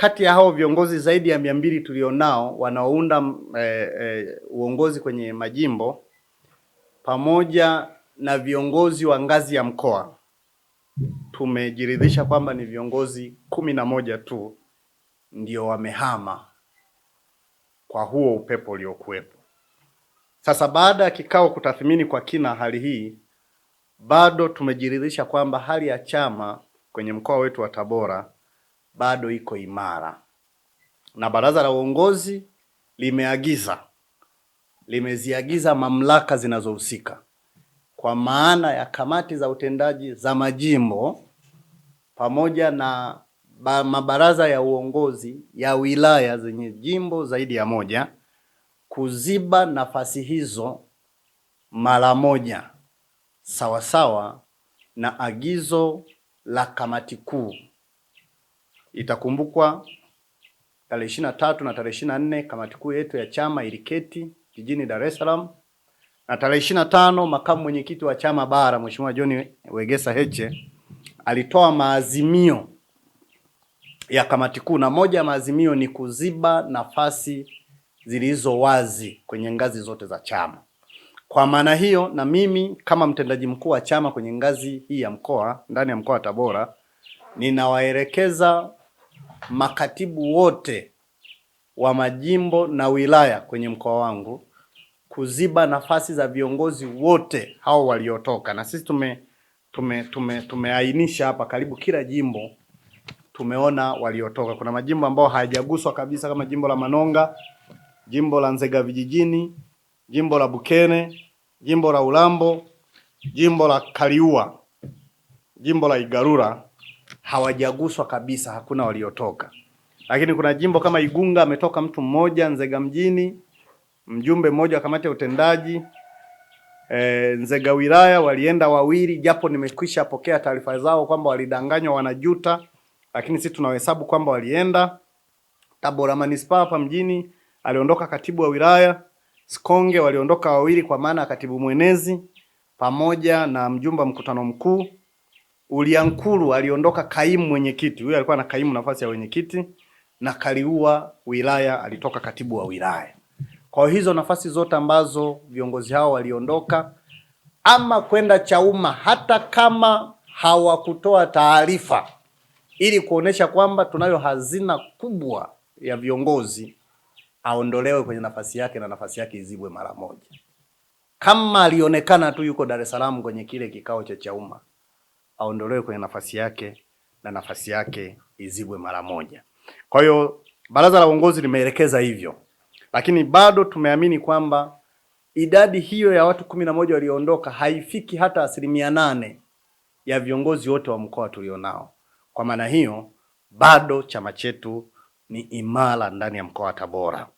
kati ya hao viongozi zaidi ya mia mbili tulionao wanaounda e, e, uongozi kwenye majimbo pamoja na viongozi wa ngazi ya mkoa tumejiridhisha kwamba ni viongozi kumi na moja tu ndio wamehama kwa huo upepo uliokuwepo. Sasa baada ya kikao kutathmini kwa kina hali hii, bado tumejiridhisha kwamba hali ya chama kwenye mkoa wetu wa Tabora bado iko imara, na baraza la uongozi limeagiza limeziagiza mamlaka zinazohusika kwa maana ya kamati za utendaji za majimbo pamoja na ba, mabaraza ya uongozi ya wilaya zenye jimbo zaidi ya moja kuziba nafasi hizo mara moja sawasawa na agizo la kamati kuu Itakumbukwa tarehe ishirini na tatu na tarehe ishirini na nne kamati kuu yetu ya chama iliketi jijini Dar es Salaam, na tarehe ishirini na tano makamu mwenyekiti wa chama bara Mheshimiwa John Wegesa Heche alitoa maazimio ya kamati kuu, na moja ya maazimio ni kuziba nafasi zilizo wazi kwenye ngazi zote za chama. Kwa maana hiyo, na mimi kama mtendaji mkuu wa chama kwenye ngazi hii ya mkoa, ndani ya mkoa wa Tabora, ninawaelekeza makatibu wote wa majimbo na wilaya kwenye mkoa wangu kuziba nafasi za viongozi wote hao waliotoka, na sisi tume tume tume tumeainisha hapa karibu kila jimbo tumeona waliotoka. Kuna majimbo ambayo hayajaguswa kabisa kama jimbo la Manonga, jimbo la Nzega vijijini, jimbo la Bukene, jimbo la Ulambo, jimbo la Kaliua, jimbo la Igarura hawajaguswa kabisa, hakuna waliotoka. Lakini kuna jimbo kama Igunga ametoka mtu mmoja, Nzega mjini mjumbe mmoja wa kamati ya utendaji e, Nzega wilaya walienda wawili, japo nimekwisha pokea taarifa zao kwamba walidanganywa, wanajuta, lakini sisi tunahesabu kwamba walienda. Tabora manispaa hapa mjini aliondoka katibu wa wilaya Sikonge, waliondoka wawili kwa maana ya katibu mwenezi pamoja na mjumbe mkutano mkuu. Uliankuru aliondoka kaimu mwenyekiti, huyo alikuwa na kaimu nafasi ya mwenyekiti, na Kaliua wilaya alitoka katibu wa wilaya. Kwa hizo nafasi zote ambazo viongozi hao waliondoka ama kwenda Chauma, hata kama hawakutoa taarifa, ili kuonesha kwamba tunayo hazina kubwa ya viongozi, aondolewe kwenye nafasi yake na nafasi yake izibwe mara moja. Kama alionekana tu yuko Dar es Salaam kwenye kile kikao cha Chauma aondolewe kwenye nafasi yake na nafasi yake izibwe mara moja. Kwa hiyo baraza la uongozi limeelekeza hivyo, lakini bado tumeamini kwamba idadi hiyo ya watu kumi na moja walioondoka haifiki hata asilimia nane ya viongozi wote wa mkoa tulionao. Kwa maana hiyo bado chama chetu ni imara ndani ya mkoa wa Tabora.